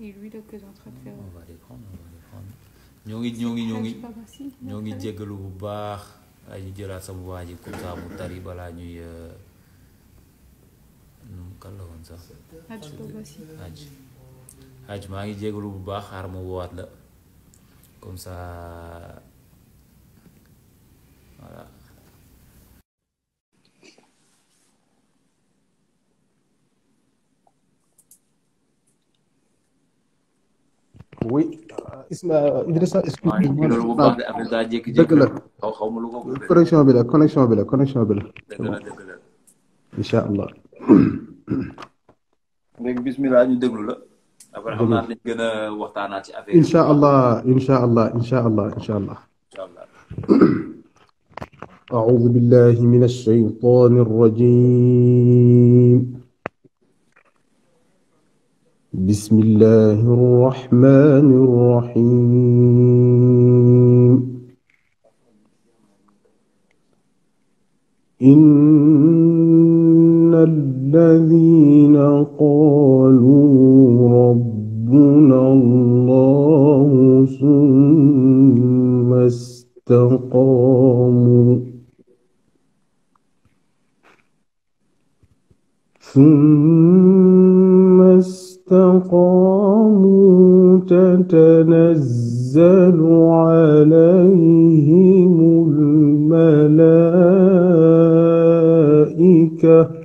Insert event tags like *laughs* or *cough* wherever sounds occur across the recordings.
ñoo ngi ñoo ngi ñoo ngi ñoo jéggalu bu baax ay ñu jëlaat sama waa ji comme ça mu tari balaa ñuy euh, num kan sax aj aj maa ngi jéggalu bu baax xaar ma woowaat la comme ça voilà oui Isma Idrissa. loolu bu baax de affaire daa jékki-jékki. dëgg la xaw ma lu ko. connexion bi la connexion bi la connexion bi la. dëgg la dëgg la. incha allah. *coughs* léegi bismillah ñu déglu la. après xam naa dañ gën a waxtaanaat ci affaire yi. incha allah incha allah incha allah incha allah. أعوذ بالله من الشيطان الرجيم bismillahi rrahmani rrahim inna alladhina qalu rabbuna allahu summa istaqamu تنزل عليهم الملائكة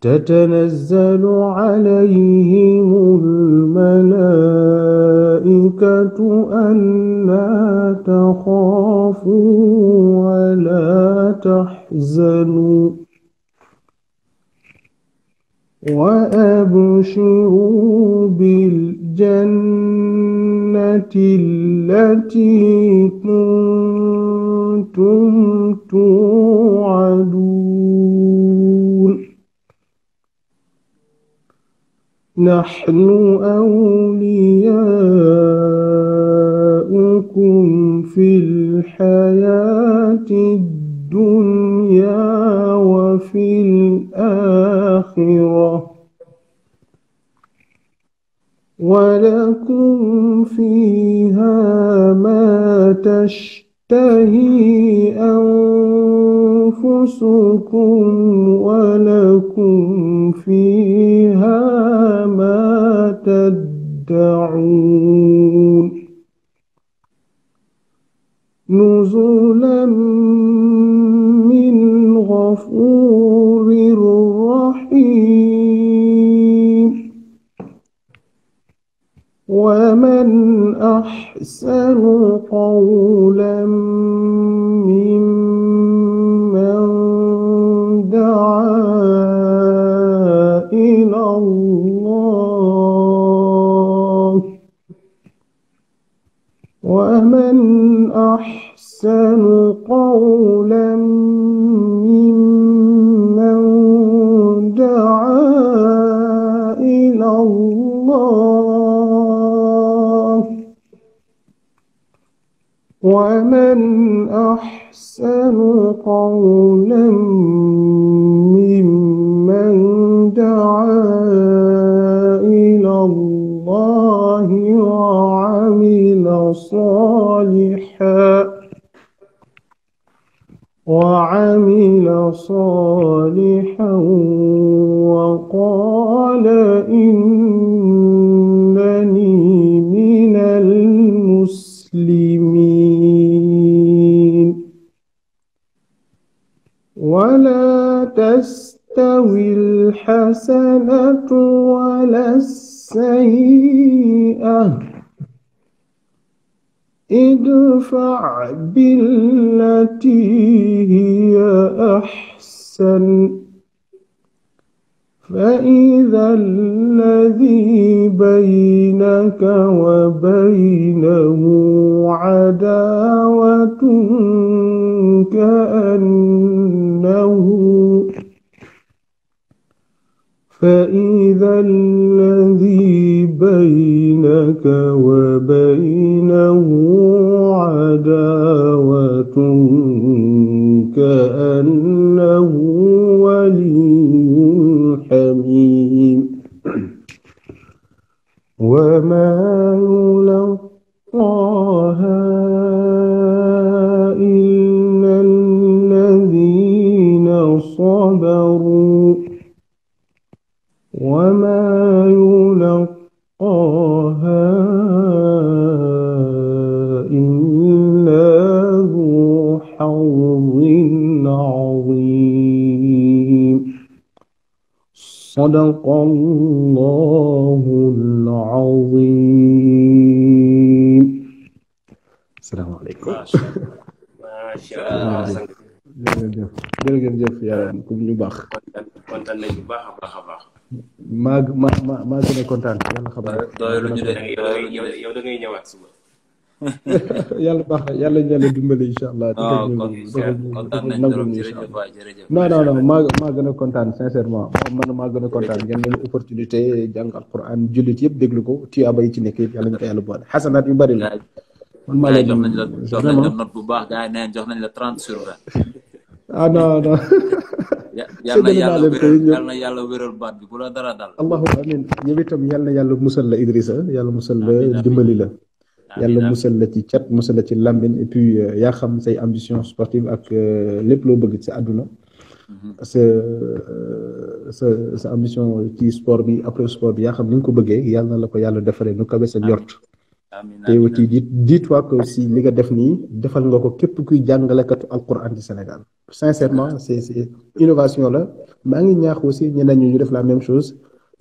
تتنزل عليهم الملائكة ألا تخافوا ولا تحزنوا وأبشروا بالجنة التي كنتم توعدون نحن أولياؤكم في الحياة الدنيا وفي الآخرة ولكم فيها ما تشتهي أنفسكم ولكم فيها ما تدعون نزلا الغفور الرحيم ومن أحسن قولا ممن دعا إلى الله ومن أحسن قولا قوم ولا تستوي الحسنة ولا السيئة ادفع بالتي هي أحسن فإذا الذي بينك وبينه عداوة كأنه فإذا الذي بينك وبينه عداوة كأنه ولي حميم وما يلقاها صدق الله العظيم السلام عليكم jërëjëf jërëjëf yàlla ku ñu baax kontaan nañ bu baax a baax a baax maa maa maa gën a kontaan yàlla xam yow da ngay ñëwaat suba *laughs* yàlla baax na yàlla ñu leen dimbali incha allah. waaw ah, kon kontaan nañ trop jërëjëf waay jërëjëf. gën a kontaan sincèrement man maa gën a kontaan ngeen leen opportunité jàng alquran jullit yëpp déglu ko tuyaaba yi ci nekk yëpp yàlla ñu ko yàlla boole xasanaat yu bari la. man ma jox nañ la jox bu baax gars yi neen jox nañ la trente sur vingt. *laughs* ah non non. *laughs* yàlla wéral yal bu la dara dal. allahumma amin yow itam yal na yàlla musal la Idrissa yàlla musal la dimbali la yàlla musal la ci cat musal la ci làmbin et puis euh, yaa xam say ambition sportive ak euh, lépp loo bëgg si àdduna mhm. sa euh, sa sa ambition ci sport bi après sport bi yaa xam ni ñu ko bëggee yàlla na la ko yàlla defaree nu kawe sa njort te aussi di dis-toi li nga def nii defal nga ko képp kuy jàngalekatu alquran ci Sénégal sincèrement c'est innovation la maa ngi ñaax aussi ñeneen ñu ñu def la même chose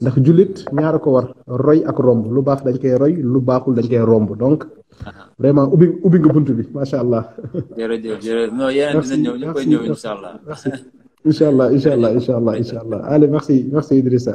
ndax jullit ñaara ko war roy ak romb lu baax dañ koy roy lu baaxul dañ koy romb donc uh-huh. vraiment ubbi ubbi nga bunt bi macha allah. jërëjëf jërëjëf non yeneen dina ñëw incha allah. incha allah incha allah incha allah incha allah allez merci merci Idrissa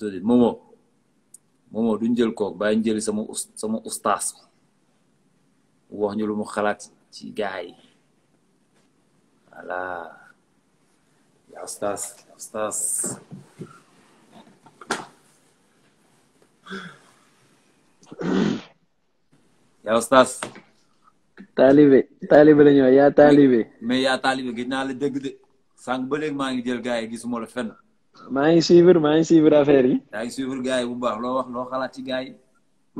tuddee momo momo duñ jël kook bàyyi ñu jëli sama sama ustaas bi wax ñu lu mu xalaat ci gaay yi voilà yaa ustaas ustaas yaa ustaas taalibe taalibe la ñu yaa taalibe mais yaa taalibe gis naa la de sànq ba maa ngi jël gaay yi gisuma la fenn maa ngi suivre maa ngi suivre affaire yi. maa ngi bu baax loo wax loo xalaat ci gars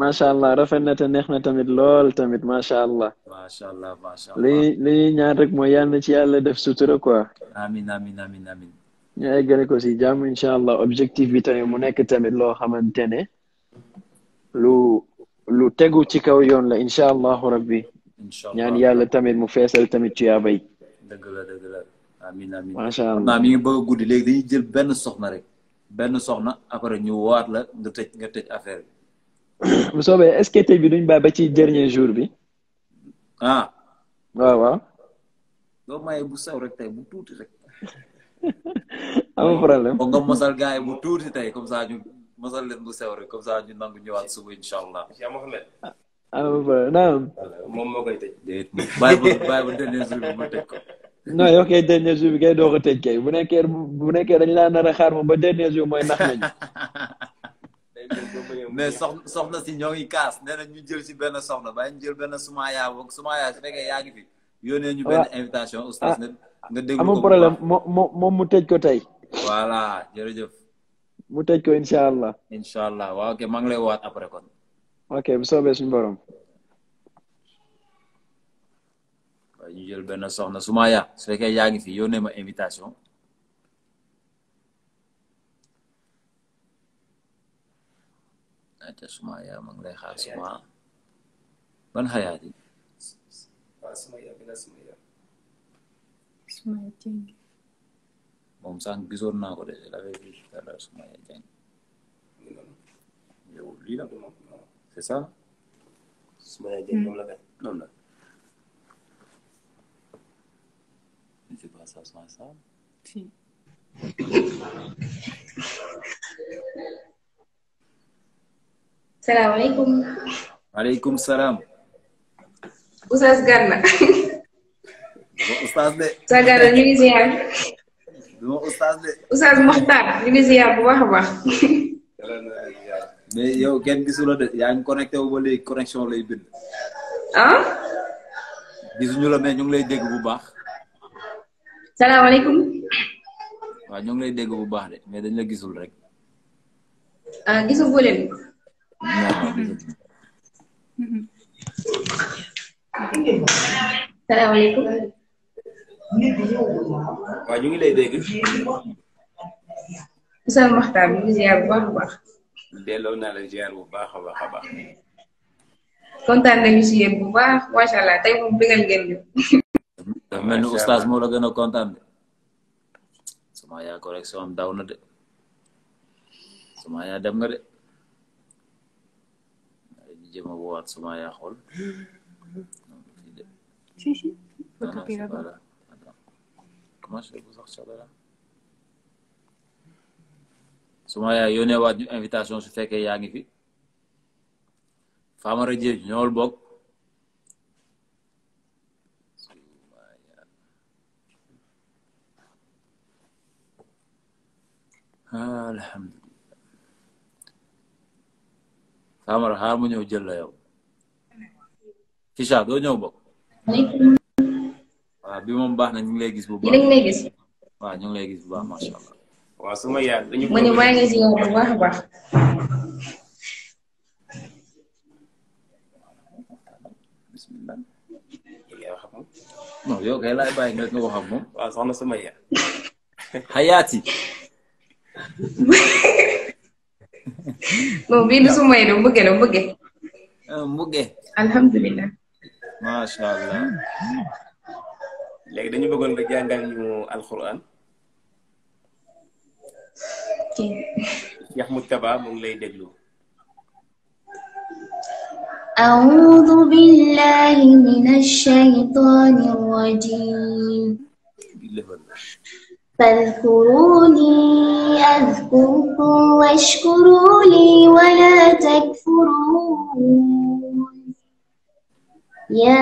macha allah rafet na te neex na tamit lool tamit macha allah. macha allah macha allah li li rek mooy yal na ci yàlla def sutura quoi. amin amin amin amin ñu eggale ko si jàmm incha allah bi tamit mu nekk tamit loo xamante ne lu tegu ci kaw yoon la incha allahu rabbi. ñaan yàlla tamit mu feesal tamit ci yaabay. amiin amiin macha ba xam guddi léegi dañuy jël benn soxna rek benn soxna après ñu waat la nga tëj nga tëj bi. *coughs* bu soobee est ce que tey bi duñ bàyyi ba ci dernier jour bi. ah. waaw waaw. doo maye bu sew rek tey bu tuuti rek. *laughs* amul problème kon nga mosal gars yi bu tuuti tey comme ça ñu mosal leen bu sew rek comme ça ñu nangu ñëwaat suba incha allah. amul problème. moom moo koy dernier jour bi ma tëj ko. non yow kay dernier jour bi kay doo ko tëj kay bu nekkee bu nekkee dañ laa nar a xaar moom ba dernier jour mooy nax nañu. *laughs* mais soxna soxna si ñoo ngi kaas nee na ñu jël si benn soxna ba ñu jël benn sumaaya boog sumaaya su fekkee yaa ngi fi. yónnee ñu benn invitation oustaz ah, nga déglu ko problème moom mu tëj ko tey. voilà jërëjëf. mu tëj ko incha allah. incha allah waaw ok maa ngi lay waat après kon. ok bu soobee suñu borom. ñu jël benn soxna Soumaya su fekkee yaa ngi fi yónnee ma invitation. ayca Soumaya ma ngi lay xaar Souma ban xayaat yi. Soumaya Dieng. moom gisoon naa ko de l'avait vu tout à la. Dice passa só salaam. Oustaz Gana. Oustaz de. Oustaz Gana ñu ngi ziar. duma Oustaz de. Oustaz Mokhtar ñu ngi ziar bu baax a baax. yow kenn gisuloo de yaa ngi connecté wu ba léegi lay bind. ah. gisuñu la mais lay dégg bu baax. salaamaaleykum. waaw ñoo ngi lay dégg bu baax de mais dañ la gisul rek. ah gisul góole bi. salaamaaleykum. waaw ñu ngi lay dégg. Ousmane Makhtar ñu ngi bu baax a baax. delloo naa la ziar bu baax a baax a baax. kontaan nañu bu baax macha allah tey moom bëggal ngeen dafa mel ni oustaz moo la gën a kontaan de sama yaa am daw na de sama dem nga de ñu jëm a woowaat sama yaa xool suma yaay yónnee waat ñu invitation su fekkee yaa ngi fi Famara Diédhiou ñool bokk alhamdulilah Famara xaar mu ñëw jël la yow Kisha doo ñëw bokk waaw bi moom baax na ñu ngi lay gis bu baax waaw ñu ngi gis bu baax macha allah waaw su ma dañu maa ngi si baax a baax bismillah non yow kay laay bàyyi wax ak moom waaw soxna su ma moom bii du su may du mbëgge la mbëgge mbëgge alhamdulilah macha allah léegi dañu bëggoon nga jàngal ñu alquran Cheikh Moujtaba mu ngi lay déglu أعوذ بالله من الشيطان الرجيم فاذكروني أذكركم واشكروا لي ولا تكفرون يا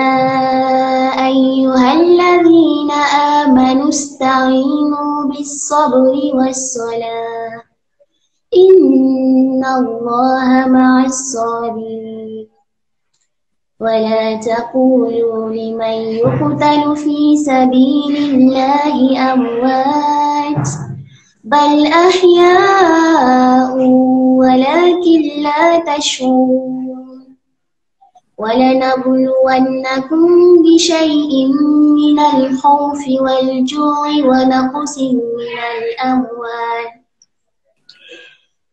أيها الذين آمنوا استعينوا بالصبر والصلاة إن الله مع الصابرين ولا تقولوا لمن يقتل في سبيل الله أموات بل أحياء ولكن لا تشعرون ولنبلونكم بشيء من الخوف والجوع ونقص من الأموال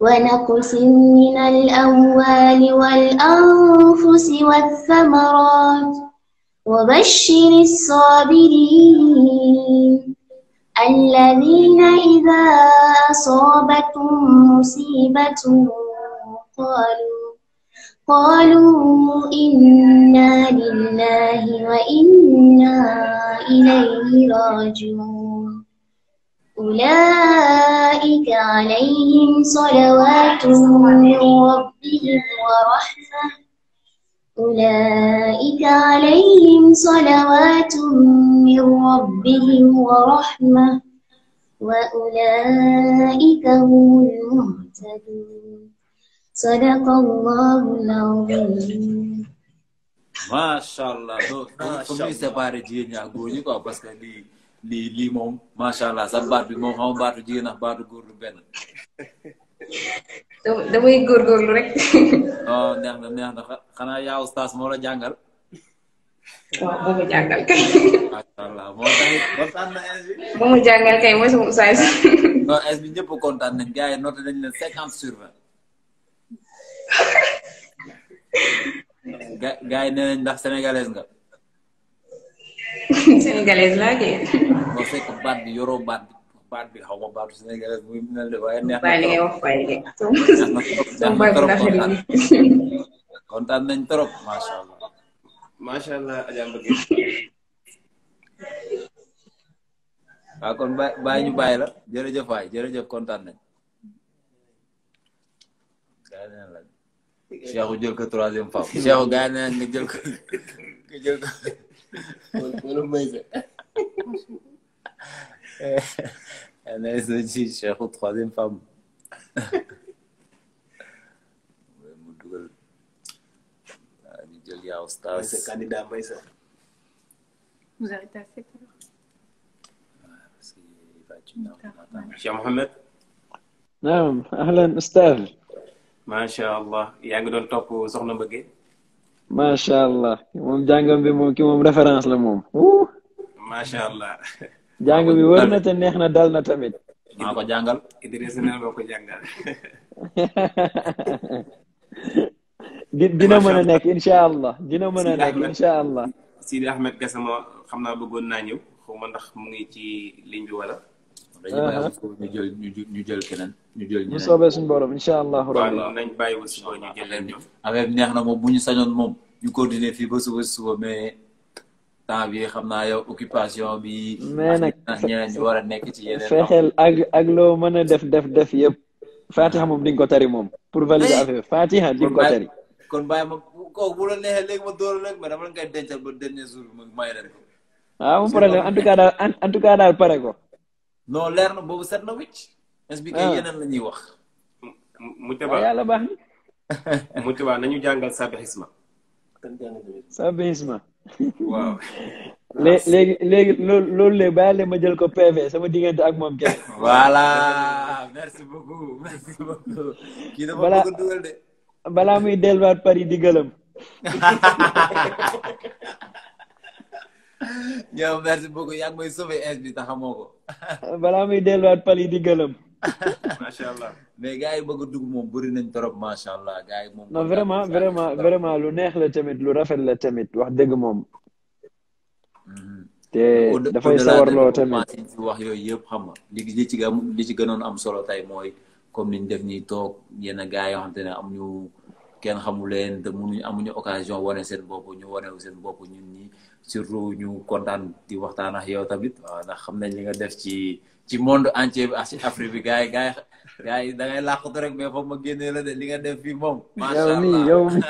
ونقص من الأموال والأنفس والثمرات وبشر الصابرين الذين إذا أصابتهم مصيبة قالوا قالوا إنا لله وإنا إليه راجعون أولئك أولئك عليهم صلوات من ربهم ورحمة أولئك عليهم صلوات من ربهم ورحمة وأولئك هم المهتدون صدق الله العظيم ما شاء الله. ما شاء الله. lii lii moom macha allah sa baat bi moom xaw ma jigéen ak baatu góor lu benn. damay góorgóorlu rek. *laughs* oh neex na neex na xanaa yaa ustaas moo la jàngal. moo ma jàngal kay. moo taxit kontaan na es bi. *laughs* bi ñëpp kontaan nañ gars nañ leen cinquante sur vingt. *laughs* ga gars ndax sénégalaise nga. sénégalaise laa kay. nga fekk baat bi yoroo baat bi baat bi xaw ma baatu Sénégal muy mel ne waaye neex na *laughs* kontaan nañ trop macha allah. macha allah Adja Mbacke. waaw kon bàyyi ñu bàyyi la jërëjëf waay jërëjëf kontaan nañ. gaa nee la Cheikhou jël ko troisième femme *laughs* Cheikhou gaa nee nga jël wala *laughs* Mbaye Ernest Ndoye Cheikhou troisième femme. mu dugal ñu jël yaa oustaz. c'est candidat Mbaye Sarr. vous arrêtez à sept heures. Cheikh Mohamed. naam ahlan oustaz. macha allah yaa ngi doon topp soxna Mbëgge. macha allah moom jàngam bi moom ki moom référence la moom. macha allah. jàng bi wër na te neex na dal na tamit. maa ko jàngal. Idrissa Neal moo *laughs* dina mën a nekk incha allah dina mën a nekk incha allah. Sidi Ahmed Gassama xam naa bëggoon naa ñëw xaw ma ndax mu ngi ci ligne wala. Uh-huh. ñu jël ñu jël ñu jël ñeneen ñu soobee suñu borom incha allah. rabbi waaw nañ bàyyi ba suba ñu jël leen ñoom. neex na moom bu ñu sañoon moom ñu continuer fii ba suba suba mais. temps bi xam naa yow occupation bi. mais nag ñeneen ñi nekk ci yeneen. fexeel loo mën a def def def yëpp. Fatiha moom di nga ko tari moom. pour valider affaire Fatiha di nga kon bàyyi ma kooku bu la neexee léegi ma door rek mais dama la koy dencal ba dernier jour bi may leen ko. ah problème en tout cas daal en tout cas daal pare ko. non leer na boobu set na wicc. expliqué ah. yeneen la ñuy wax. mu tebaa ah, yàlla baax na. mu tebaa nañu jàngal sabbih waaw. *laughs* léegi léegi loolu loolu léegi bàyyi leen ma jël ko PV sama diggante ak moom kenn. *laughs* voilà merci beaucoup merci beaucoup. kii dafa bëgg a dugal de. delluwaat Paris di gëlëm. *laughs* yow merci beaucoup yaa ngi may sauvé es bi taxamoo ko. balaa muy delluwaat *laughs* macha allah mais gars yi bëgg a dugg moom bëri nañ trop macha allah gars yi moom. non vraiment vraiment vraiment lu neex la tamit lu rafet la tamit wax dëgg moom. Mm-hmm. te dafay sawarloo tamit fi wax yooyu yëpp xam nga li ci li ci gënoon am solo tey mooy comme niñ def ñuy toog yenn gars yoo xam ne am ñu. kenn xamu leen te mënuñu amuñu occasion wane seen bopp ñu wane seen bopp ñun ñi surtout ñu kontaan di waxtaan ak yow tamit waaw ndax xam nañ li nga def ci ci monde entier bi ak ah, ci Afrique bi gars yi gars yi gars yi da ngay làqatu rek mais foog ma génnee la de li nga def fii moom. macha allah yow mii yow mii.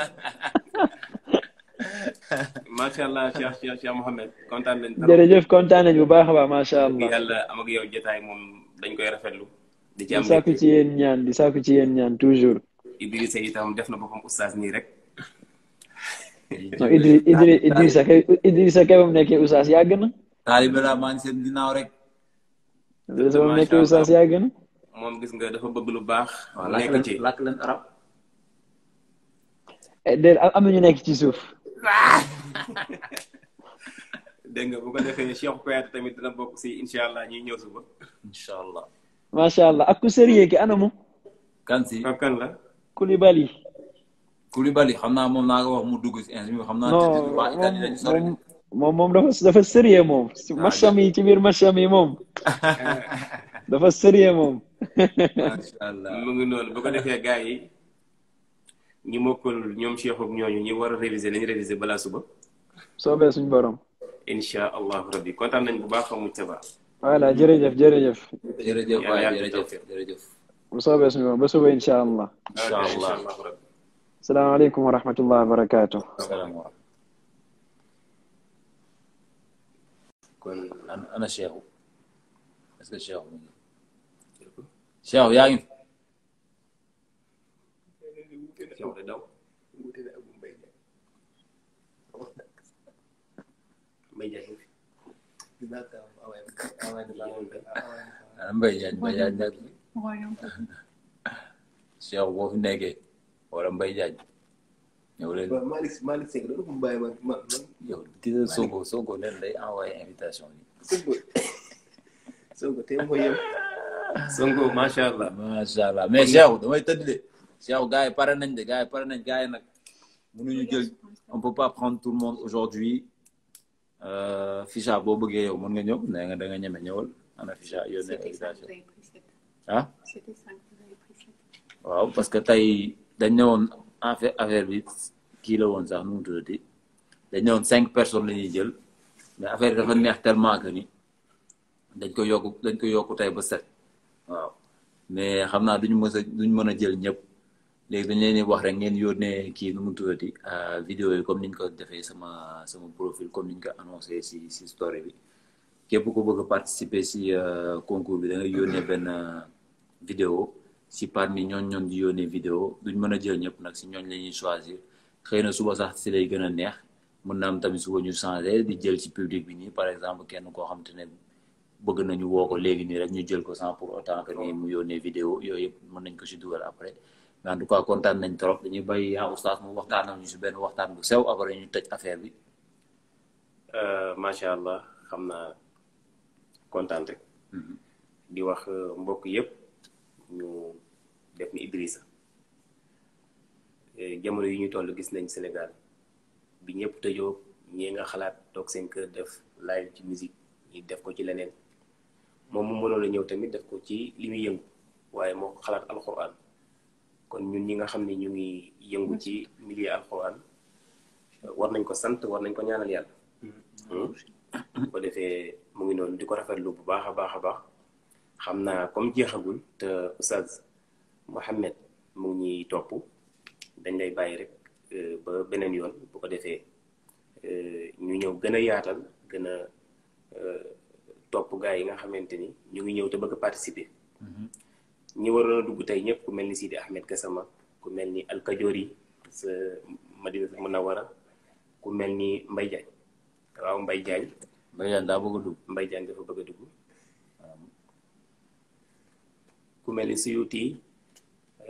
macha allah Cheikh Cheikh Cheikh Mohamed kontaan nañ. jërëjëf kontaan nañ bu baax a baax macha allah. yàlla am ak yow jotaay moom dañ koy rafetlu. di ci am di sàkku ci yéen ñaan di sàkku ci yéen ñaan toujours. Idrissa itam def na boppam oustaz nii rek. non Idrissa kay Idrissa kay moom nekkee oustaz yàgg na. taalibe laa maa ngi seen ginnaaw rek. Idrissa moom nekkee oustaz yàgg moom gis nga dafa bëgg lu baax. nekk ci làkk leen arab. Eh, déedéet am na ñu nekk ci suuf. *laughs* dégg nga bu ko defee Cheikh Kouyaté tamit dina bokk si incha allah ñuy ñëw suba. incha allah. ak ku sérieux ki Koulibaly. Koulibaly xam naa moom naa ko wax mu dugg si incha xam naa. non moom moom dafa dafa sérieux moom. Ah, macham mi ci biir macham yi moom. *laughs* dafa sérieux moom. macha allah mu ngi noonu bu ko defee gars yi ñi mokkul ñoom Cheikh ak ñooñu ñi war a réviser nañu réviser balaa suba. soobee suñu borom. incha allahu rabbi kontaan nañ bu a mucc ba. voilà jërëjëf jërëjëf. jërëjëf waay jërëjëf bu soobee ba suba incha allah. mu ngi Cheikhou royaume boo fi nekkee wala Mbaye Diagne ñëw leen. waaw Malick Malick Seck ma man. yow gisal Sonko Sonko nen envoyé invitation bi. macha allah. macha allah mais Cheikh damay tëdd de. Cheikh gars yi pare nañ de gars pare nañ gars yi nag mënuñu jël on peut pas prendre tout le monde aujourd'hui Ficha boo bëggee yow mën nga ñëw nee nga da nga ñeme ñëwal ana Ficha yónnee invitation. ah. waaw parce que tey dañ ne woon en fait affaire bi kii la woon sax nu mu dañ ne woon cinq personnes lañuy jël mais affaire bi dafa neex tellement que ni dañ ko yokk dañ ko yokku tey ba set waaw mais xam naa duñu mës a duñ mën a jël ñëpp. léegi dañ leen di wax rek ngeen yónnee kii nu mu tuddati euh, vidéo yi comme niñ ko defee sama sama profil comme niñ ko annoncé si si story bi képp ku bëgg participer si euh, concours bi da nga benn vidéo si parmi ñooñ ñoon di yónnee vidéo duñ mën a jël ñëpp nag si ñooñ la ñuy choisir xëy na suba sax si lay gën a neex mën na tamit suba ñu changé di jël ci public bi nii par exemple kenn koo xam ne bëgg nañu woo ko léegi nii rek ñu jël ko sans pour autant que ni mu yónnee vidéo yooyu yëpp mën nañ ko si dugal après mais en tout kontaan nañ trop dañuy bay ah yaa oustaz mu waxtaan ñu si benn waxtaan bu sew après ñu tëj affaire bi euh, macha allah xam naa kontaan rek mhm. di wax euh, mbokk yëpp ñu def ni Idrissa eh, jamono yi ñu toll gis nañ Sénégal bi ñëpp tëjoo ñee nga xalaat toog seen kër def live ci musique ñi def ko ci leneen moom mu mënoon a ñëw tamit def ko ci li muy yëngu waaye moo xalaat alxuraan kon ñun ñi nga xam ne ñu ngi yëngu ci milieu alxuraan war nañ ko sant war nañ ko ñaanal yàlla bu mm-hmm. hmm? defee mu ngi noonu di ko rafetlu bu baax a baax a baax xam naa comme jeexagul te Oustaz Mohamed mu ngi ñuy topp dañ lay bàyyi rek euh, ba beneen yoon bu ko defee euh, ñu ñëw gën a yaatal gën a euh, topp gaa yi nga xamante ni ñu ngi ñëw te bëgg a participer. Mm-hmm. ñu war a dugg tey ñëpp ku mel ni Sidi Ahmed sama ku mel ni Alkajoor yi sa Madina Munawara ku mel ni Mbaye Diagne waaw Mbaye Diagne. Mbaye Diagne daa bëgg a dugg. Mbaye Diagne dafa bëgg a dugg. ku mel ni Suyuti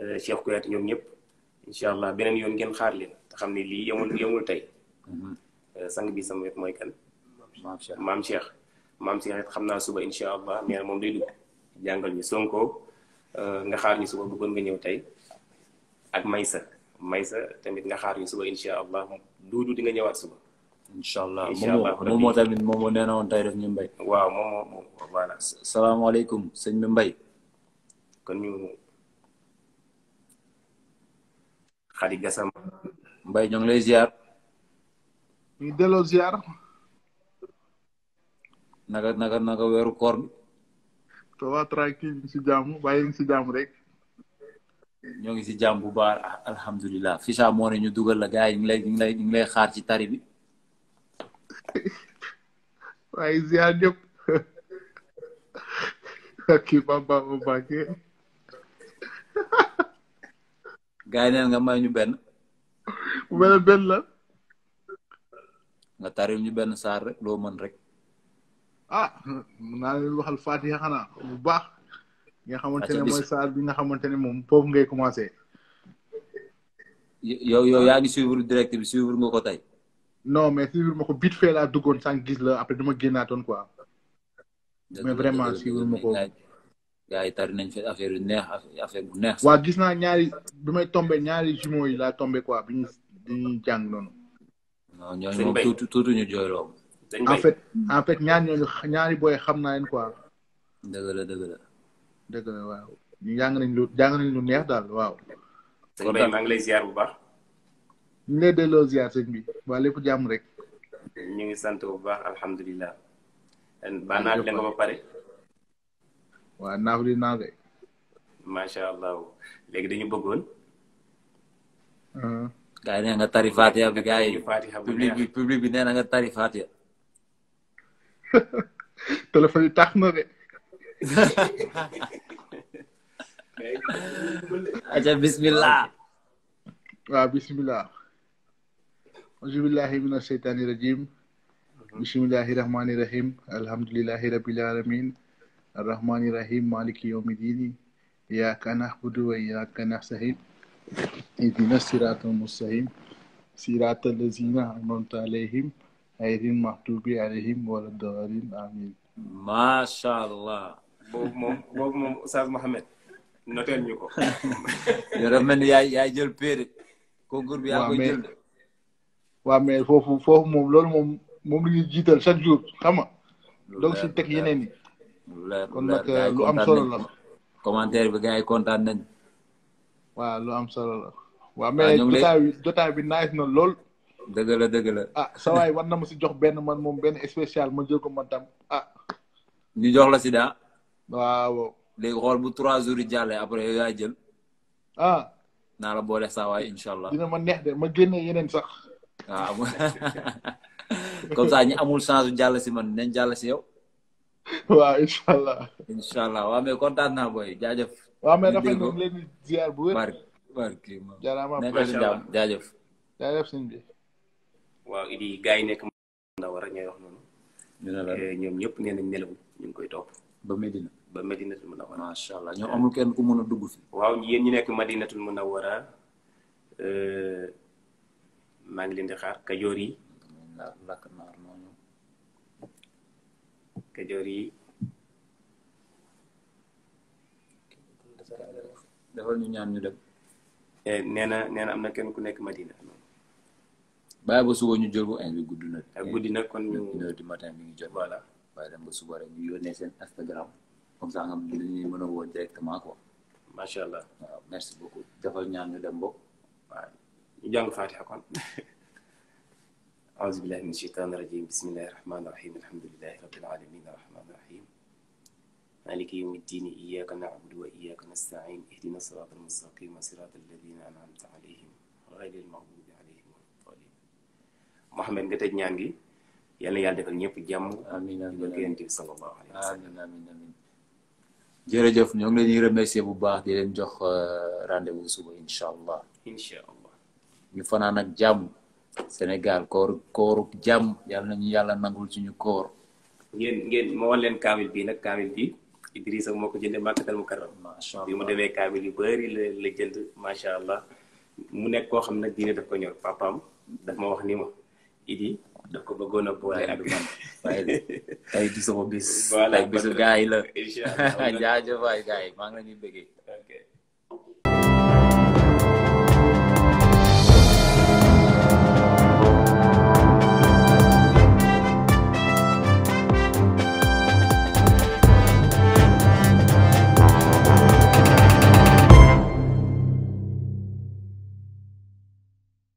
euh, Cheikh Kouyaté ñoom ñëpp incha allah beneen yoon ngeen xaar leen te xam ne li yemul yemul tey mhm. euh, sang bi sama wet mooy kan maam Cheikh maam Cheikh it xam naa suba incha allah mais moom day dugg jàngal ñu Sonko euh, nga xaar ñu suba bëggoon nga ñëw tey ak Maysa Maysa tamit nga xaar ñu suba incha allah duudu di nga ñëwaat suba. incha allah moom moo tamit moom moo nee na woon tey def ñu mbay. waaw moom moo moom voilà. salaamaaleykum sëñ bi mbay. kon ñu xadi gasam mbay ñoo ngi lay ziar ñu delloo ziar naka naka weeru koor bi to waa tranquille ngi si jàmm bàyyi ngi si jàmm rek ñoo ngi si jàmm bu baax alhamdulilah Ficha moo ne ñu dugal la gars yi ngi lay ngi lay xaar ci tari bi *laughs* waaye ziar ñëpp ak *laughs* kii bamba mbake gaa nga may ñu benn. bu mel benn la. nga tarim ñu benn saar rek loo man rek. ah mun naa leen waxal Fatiha xanaa bu baax. nga xamante ne mooy saar bi nga xamante ne moom foofu ngay commencé. yow yow yaa ngi suivre direct suivre nga ko tey. non mais suivre ma ko vite fait duggoon sànq gis la après dama génnaatoon quoi. mais vraiment suivre ma ko. gaa yi tari nañ affaire yu neex affaire bu neex. waa gis naa ñaari bi may tombé ñaari jumeaux yi laa tombé quoi bi ñu bi ñu jàng non ñooñu ñu jooyloo. en fait ñaari booy xam naa leen quoi. dëgg la dëgg la. dëgg la waaw ñu jàng nañ lu neex daal waaw. sëñ Mbaye maa ngi bu baax. ñu ngi lay delloo ziar bi waa lépp jàmm rek. ñu ngi sant bu baax alhamdulilah. baanaat leen ba pare. waa naaf li naa de. macha allah léegi dañu bëggoon. Uh-huh. gars nee nga tari Fatiha bi gars yi. public bi nee nga tari Fatiha. *laughs* téléphone yi tax na de. aca *laughs* bismillah. waaw bismillah. auzu billahi mina shaytaani rajim. Uh-huh. bismillahi rahmaani rahim alhamdulillahi الرحمن الرحيم مالك يوم الدين إياك نعبد وإياك نستعين اهدنا الصراط المستقيم صراط الذين أنعمت عليهم غير المغضوب عليهم ولا الضالين آمين macha allah. boobu moom boobu moom Oustaz Mohamed noteel ñu ko. *laughs* yow yaay yaay jël péere. concours yaa koy jël de. waaw mais foofu foofu moom loolu moom moom la ñuy jiital chaque jour kon eh, lu am solo la commentaire bi gars yi kontaan nañ waaw lu am solo la waaw mais jotaay bi jotaay bi lool dëgg la dëgg la ah sa waay war na ma si jox benn man moom benn spécial ma jël ko man tam ah ñu jox la si daa waaw xool bu trois jours yi jàllee après yow jël ah naa la boole saa waay incha allah dina ma neex de ma génnee sax waaw *laughs* comme ça ñi amul change jàll si man nañ jàll si yow *laughs* waaw incha allah waaw mais kontaan naa booy jaajëf. waaw mais rafet nañ leen di ziar bu jaajëf. bi. waaw idi gars yi nekk ndaw war a ñooy wax noonu. ñoom ñëpp nee nañ nelaw ñu ngi koy topp. ba Medina ba Medinatul Munawwara. macha allah ñoom eh. amul kenn mën a dugg fi. waaw yéen ñi nekk Madinatul Munawwara eh, maa ngi leen di xaar Kajoor yi. Kajoor yi dafal ñu ñaan ñu dem eh, nee na nee na am na kenn ku nekk Madina bàyyi ba suba ñu jël ko añ eh, bi gudd na ak eh, guddi nag kon ñu une heure du matin bi ñu jot voilà waaye ba suba rek ñu yónnee seen Instagram comme ça nga xam dañuy mën a woo directement quoi macha allah waaw merci beaucoup dafal ñaan ñu dem bo waaw ñu jàng Fatiha kon *laughs* أعوذ بالله من الشيطان الرجيم بسم الله الرحمن الرحيم الحمد لله رب العالمين الرحمن الرحيم مالك يوم الدين إياك نعبد وإياك نستعين اهدنا الصراط المستقيم صراط الذين أنعمت عليهم غير المغضوب عليهم ولا الضالين محمد nga tëj ñaan gi yàlla yàlla defal ñëpp jàmm amiin amiin yonent bi sallallahu alayhi wa sallam amiin amiin amiin jërëjëf ñoo ngi leen di remercier bu baax di leen jox euh, rendez-vous suba incha allah incha allah ñu fanaan ak jàmm Sénégal koor kooru jàmm yàlla nañu yàlla nangul suñu koor ngeen ngeen moo wan leen kaamil bii nag kaamil bi Idrissa moo ko jëndee Makkatal Mukarram macha allah bi mu demee kaamil yu bari la la jënd macha allah mu nekk koo xam nag diine daf ko ñor papaam daf ma wax ni ma idi daf ko bëggoon a boole ak man *laughs* waaye tey di sama bis tey bisu gars yi la *laughs* jaajëf waay gars yi maa ngi la ñuy bëggee